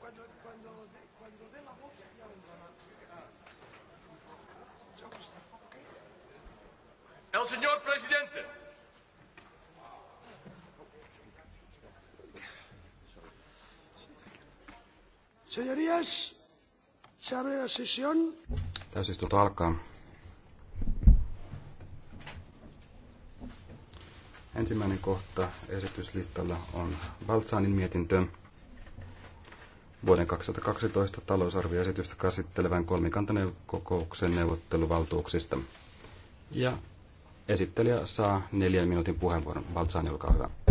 cuando, cuando, de, cuando dé la voz ya vendrán a Ya está, ¿ok? El señor presidente. Señorías, se abre la sesión. Täysistunto alkaa. Ensimmäinen kohta esityslistalla on Valtsaanin mietintö vuoden 2012 talousarvioesitystä käsittelevän kolmikantakokouksen neuvotteluvaltuuksista. Ja esittelijä saa neljän minuutin puheenvuoron. Valtsaani, olkaa hyvä.